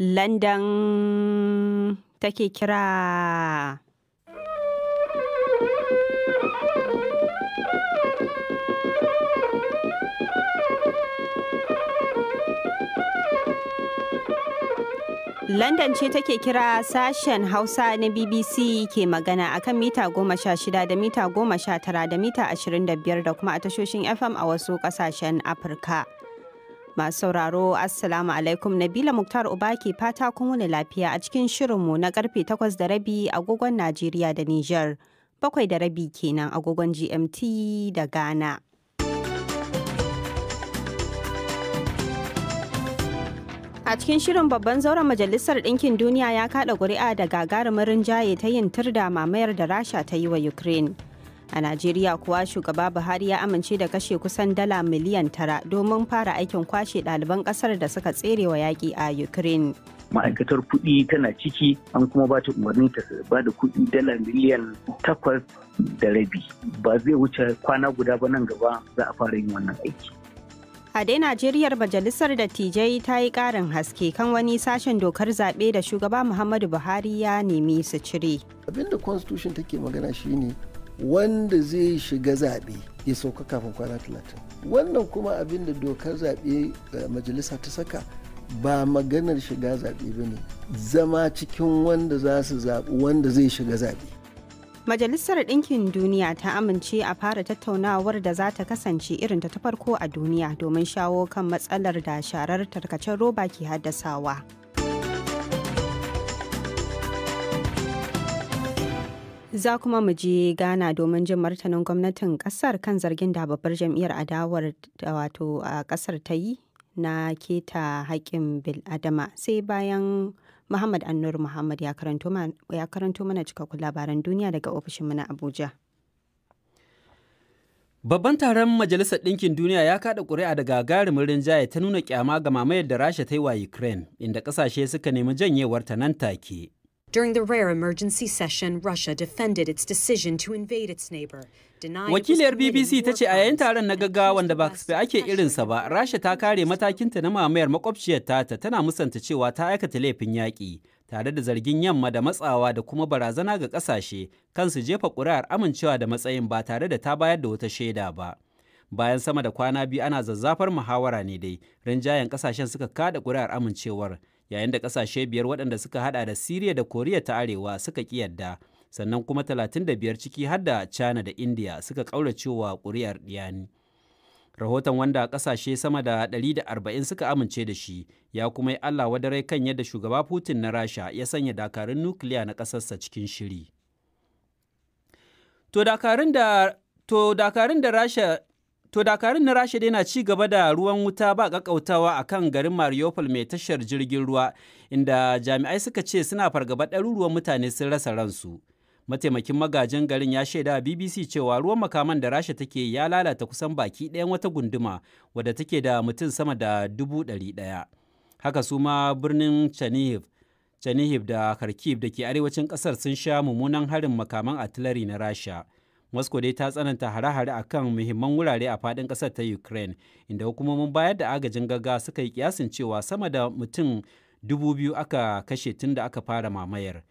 London take kira. London ce take kira sashen Hausa na BBC ke magana akan mita goma sha shida da mita goma sha tara da mita ashirin da biyar da kuma a tashoshin FM a wasu kasashen Afirka. Masu sauraro Assalamu alaikum Nabila Muktar Uba ke fata kun wani lafiya a cikin shirinmu na karfe takwas da rabi agogon Najeriya da Nijar, bakwai da rabi kenan agogon GMT da Ghana. A cikin shirin babban zauren Majalisar Ɗinkin Duniya ya kaɗa ƙuri'a da gagarumin rinjaye ta yin turda mamayar da Rasha ta yi wa Ukraine. A Najeriya kuwa shugaba Buhari ya amince da kashe kusan dala miliyan tara domin fara aikin kwashe ɗaliban ƙasar da suka tserewa yaƙi a Ukraine. ma'aikatar kuɗi tana ciki an kuma ba ta umarni ta ba da kuɗi dala miliyan takwas da rabi ba zai wuce kwana guda ba nan gaba za a fara yin wannan aiki a dai najeriyar majalisar Tijai ta yi ƙarin haske kan wani sashen dokar zaɓe da shugaba muhammadu buhari ya nemi su cire abinda constitution take magana shine wanda zai shiga zaɓe ya sauka kafin kwana talatin wannan kuma abin da dokar zaɓe eh, majalisa ta saka ba maganar shiga zaɓe ba ne zama cikin wanda za su zaɓi wanda zai shiga zaɓe Majalisar Ɗinkin Duniya ta amince a fara tattaunawar da za ta kasance irin ta farko a duniya domin shawo kan matsalar da sharar tarkacen roba ke haddasawa. Za kuma mu je gana domin jin martanin gwamnatin kasar kan zargin da babbar jam'iyyar adawar wato a kasar ta yi na keta haƙƙin adama sai bayan Muhammad Annur Muhammad ya karanto mana cikakkun labaran duniya daga ofishin na Abuja. Babban taron Majalisar Ɗinkin Duniya ya kaɗa ƙuri'a da gagarumin rinjaye ta nuna kyama ga mamayar da Rasha ta yi wa Ukraine, inda ƙasashe suka nemi janyewar ta nan take. During the rare emergency session, Russia defended its decision to invade its neighbor. Wakiliyar BBC ta ce a yayin taron na gaggawa wanda ba ake sa ba, Rasha ta kare matakinta na mamayar makwabciyar ta tana musanta cewa ta aikata laifin yaƙi, tare da zargin yamma da matsawa da kuma barazana ga ƙasashe kansu jefa ƙuri'ar amincewa da matsayin ba tare da ta bayar da wata shaida ba. bayan sama da kwana biyu ana zazzafar muhawara ne dai rinjayen ƙasashen suka kada kuri'ar amincewar yayin da ƙasashe biyar waɗanda suka hada da Siriya da Koriya ta Arewa suka ki yadda sannan kuma 35 ciki har da China da India suka ƙauracewa ƙuri'ar ɗiyani Rahoton wanda ƙasashe sama da 140 suka amince da shi ya kuma yi Allah wadarai kan yadda shugaba Putin na Rasha ya sanya dakarun nukiliya na kasarsa cikin shiri. To dakarun da To dakarun da Rasha To dakarun na Rasha dai na ci gaba da ruwan wuta ba ƙaƙautawa a kan garin Mariupol mai tashar jirgin ruwa inda jami'ai suka ce suna fargaba ɗaruruwan mutane sun rasa ransu. Mataimakin magajin garin ya shaida BBC cewa ruwan makaman da Rasha take ya lalata kusan baki ɗayan wata gunduma wadda take da mutum sama da dubu ɗari ɗaya. Haka su ma birnin Chernihiv Chernihiv da Kharkiv da ke arewacin ƙasar sun sha mummunan harin makaman artillery na Rasha. Moscow dai ta tsananta hare-hare a kan muhimman wurare a faɗin ƙasar ta Ukraine, inda hukumomin bayar da agajin gaga suka yi kiyasin cewa sama da mutum dubu biyu aka kashe tun da aka fara mamayar.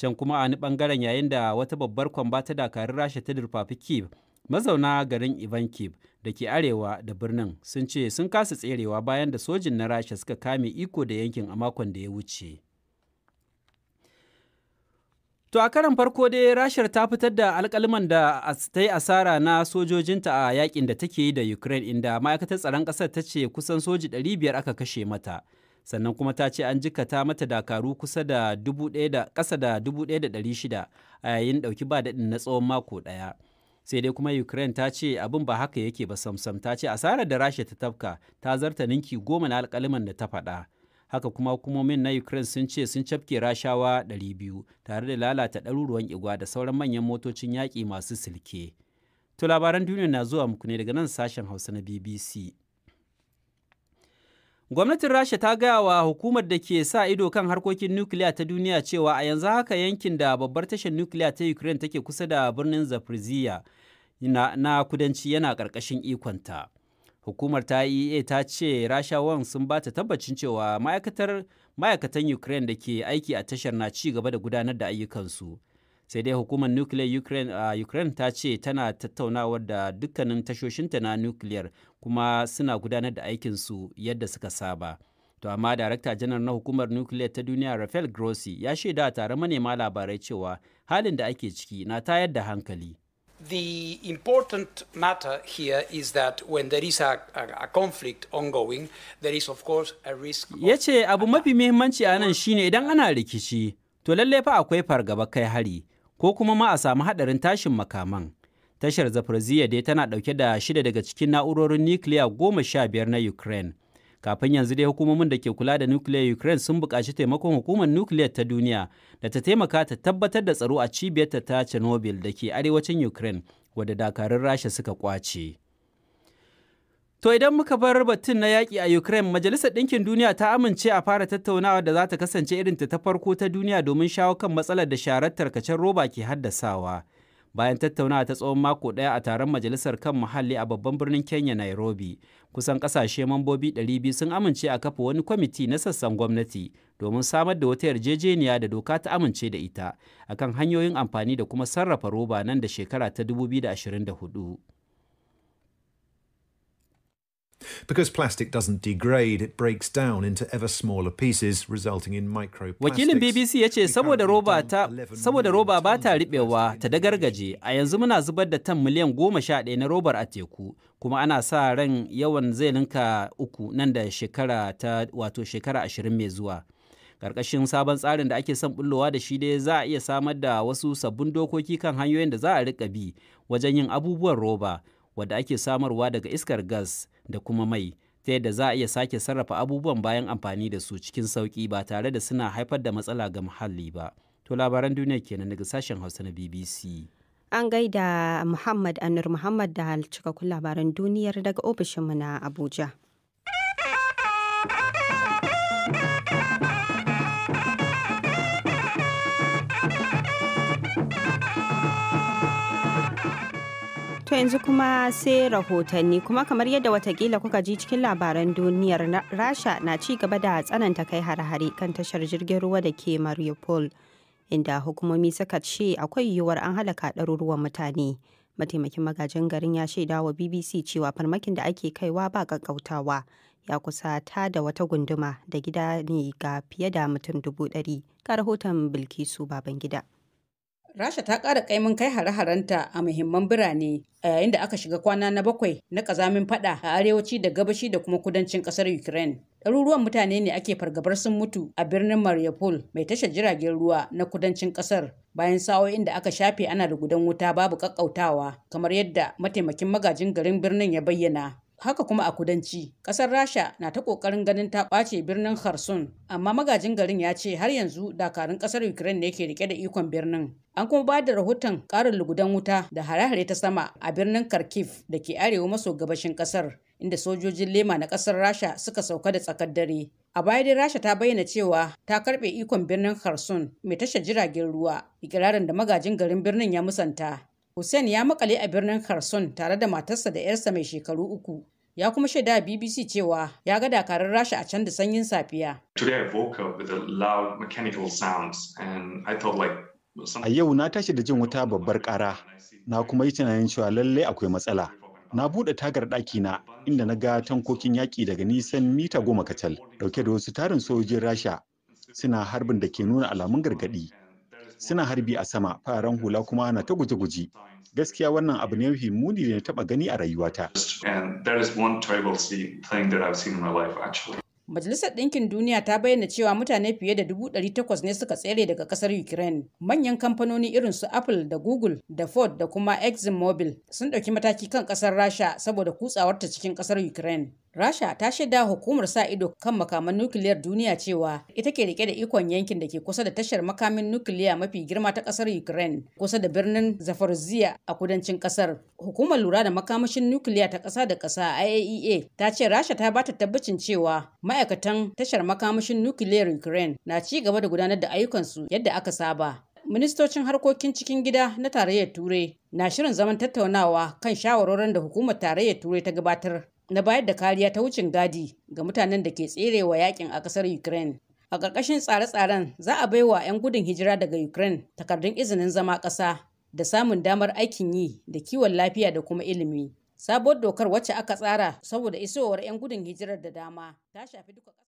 Can kuma a wani ɓangaren yayin da wata babbar kwamba ta dakarun Rasha ta durfafi Kiev, mazauna garin Ivankiv da ke arewa da birnin sun ce sun kasa tserewa bayan da sojin na Rasha suka kame iko da yankin a makon da ya wuce. To a karan farko dai Rashar ta fitar da alkaliman da ta yi asara na sojojinta a yakin da take yi da Ukraine inda ma'aikatar tsaron ƙasar ta ce kusan soji 500 aka kashe mata. Sannan kuma ta ce an jikata mata dakaru kusa da ƙasa da 1,600 a yayin ɗauki ba daɗin na tsawon mako ɗaya. Sai dai kuma Ukraine ta ce abin ba haka yake ba samsam ta ce asarar da Rasha ta tafka ta zarta ninki goma na alkaliman da ta faɗa. haka kuma hukumomin na ukraine sun ce sun cafke rashawa 200 tare da lalata ɗaruruwan igwa da sauran manyan motocin yaƙi masu silke to labaran duniya na zuwa muku ne daga nan sashen hausa na bbc gwamnatin rasha ta gaya wa hukumar da ke sa ido kan harkokin nukiliya ta duniya cewa a yanzu haka yankin da babbar tashar nukiliya ta ukraine take kusa da birnin zaporizhia na, kudanci yana ƙarƙashin ikonta Hukumar ta EA ta ce Rashawan sun ba ta tabbacin cewa ma'aikatar ma'aikatan Ukraine da ke aiki a tashar na ci gaba da gudanar da ayyukansu. Sai dai hukumar Nuclear Ukraine a Ukraine ta ce tana tattaunawar da dukkanin tashoshinta na nukiliyar kuma suna gudanar da aikinsu yadda suka saba. To amma Darakta Janar na Hukumar Nukiliyar ta Duniya Rafael Grossi ya shaida a taron manema labarai cewa halin da ake ciki na tayar da hankali. The important matter here is that when there is a, a, a conflict ongoing, there is of course a risk. Ya ce abu mafi muhimmanci anan shine idan ana rikici, to lallai fa akwai fargaba kai hari, ko kuma ma a samu hadarin tashin makaman. Tashar Zaporizhia dai tana dauke da shida daga cikin na'urorin nukiliya goma sha biyar na Ukraine. kafin yanzu dai hukumomin da ke kula da nuclear ukraine sun buƙaci taimakon hukumar nukiliyar ta duniya da ta taimaka ta tabbatar da tsaro a cibiyarta ta chernobyl da ke arewacin ukraine wadda dakarun rasha suka kwace to idan muka bar batun na yaki a ukraine majalisar ɗinkin duniya ta amince a fara tattaunawa da za ta kasance irin ta farko ta duniya domin shawo kan matsalar da sharar tarkacen roba ke haddasawa bayan tattaunawa ta tsawon mako ɗaya a taron majalisar kan muhalli a babban birnin kenya nairobi kusan ƙasashe mambobi 200 sun amince a kafa wani kwamiti na sassan gwamnati domin samar da wata yarjejeniya da doka ta amince da ita akan hanyoyin amfani da kuma sarrafa roba nan da shekara ta 2024 Because plastic doesn't degrade, it breaks down into ever smaller pieces, resulting in microplastics. Wakilin BBC ya ce saboda roba ta saboda roba ba ta riɓewa ta dagargaje, a yanzu muna zubar da tan miliyan goma sha ɗaya na robar a teku, kuma ana sa ran yawan zai ninka uku nan da shekara ta wato shekara ashirin mai zuwa. Karkashin sabon tsarin da ake son bullowa da shi dai za a iya samar da wasu sabbin dokoki kan hanyoyin da za a riƙa bi wajen yin abubuwan roba. wadda ake samarwa daga iskar gas da kuma mai ta yadda za a iya sake sarrafa abubuwan bayan amfani da su cikin sauƙi ba tare da suna haifar da matsala ga muhalli ba. To labaran duniya kenan daga sashen Hausa na BBC. An gaida Muhammad Anur Muhammad da cikakkun labaran duniyar daga ofishinmu na Abuja. yanzu kuma sai rahotanni kuma kamar yadda watakila kuka ji cikin labaran duniyar rasha na ci gaba da tsananta kai hare-hare kan tashar jirgin ruwa da ke mariupol inda hukumomi suka ce akwai yiwuwar an halaka ɗaruruwan mutane mataimakin magajin garin ya shaida wa bbc cewa farmakin da ake kaiwa ba ƙaƙƙautawa ya kusa ta da wata gunduma da gida ne ga fiye da mutum dubu ɗari ga rahoton bilkisu babangida gida Rasha ta ƙara ƙaimin kai hare-harenta a muhimman birane a yayin da aka shiga kwana na bakwai na ƙazamin fada a arewaci da gabashi da kuma kudancin ƙasar Ukraine. Ɗaruruwan mutane ne ake fargabar sun mutu a birnin Mariupol mai tashar jiragen ruwa na kudancin ƙasar bayan sa'o'in da aka shafe ana da gudan wuta babu ƙaƙƙautawa kamar yadda mataimakin magajin garin birnin ya bayyana. Haka kuma a kudanci, ƙasar Rasha na ta ƙoƙarin ganin ta ɓace birnin Kharson, amma magajin garin ya ce har yanzu dakarun ƙasar Ukraine ne ke rike da ikon birnin. An kuma ba da rahoton ƙarin lugudan wuta da hare-hare ta sama a birnin Kharkiv da ke arewa maso gabashin ƙasar, inda sojojin lema na ƙasar Rasha suka sauka da tsakar dare. A baya dai Rasha ta bayyana cewa ta karɓe ikon birnin Kharson mai tashar jiragen ruwa, ikirarin da magajin garin birnin ya musanta. Hussein ya makale a birnin Kharson tare da matarsa da 'yarsa mai shekaru uku. ya kuma shaida a BBC cewa ya ga dakarar Rasha a can da sanyin safiya. A yau na tashi da jin wata babbar ƙara, na kuma yi tunanin cewa lallai akwai matsala. Na buɗe tagar ɗakina inda na ga tankokin yaƙi daga nisan mita goma kacal, ɗauke da wasu tarin sojojin Rasha suna harbin da ke nuna alamun gargaɗi. suna harbi a sama fararen hula kuma na ta guji-guji gaskiya wannan abu ne mafi muni da na taba gani a rayuwata Majalisar Ɗinkin Duniya ta bayyana cewa mutane fiye da 800 ne suka tsere daga ƙasar Ukraine. Manyan kamfanoni irin su Apple da Google da Ford da kuma ExxonMobil sun ɗauki mataki kan ƙasar Rasha saboda kutsawarta cikin ƙasar Ukraine. Rasha ta shaida hukumar sa ido kan makaman nukiliyar duniya cewa ita ke rike da ikon yankin da ke kusa da tashar makamin nukiliya mafi girma ta kasar Ukraine kusa da birnin Zaporizhia a kudancin kasar. Hukumar lura da makamashin nukiliya ta kasa da kasa IAEA e ta ce Rasha ta bata tabbacin cewa ma'aikatan tashar makamashin nukiliyar Ukraine na ci gaba da gudanar da ayyukansu yadda aka saba. Ministocin harkokin cikin gida na tarayyar Turai na shirin zaman tattaunawa kan shawarorin da hukumar tarayyar Turai ta gabatar na bayar da kariya ta wucin gadi ga mutanen da ke tserewa yakin a ƙasar Ukraine. A ƙarƙashin tsare-tsaren za a bai wa 'yan gudun hijira daga Ukraine takardun izinin zama ƙasa da samun damar aikin yi da kiwon lafiya da kuma ilimi. Sabuwar dokar wacce aka tsara saboda isowar 'yan gudun hijirar da dama ta shafi duka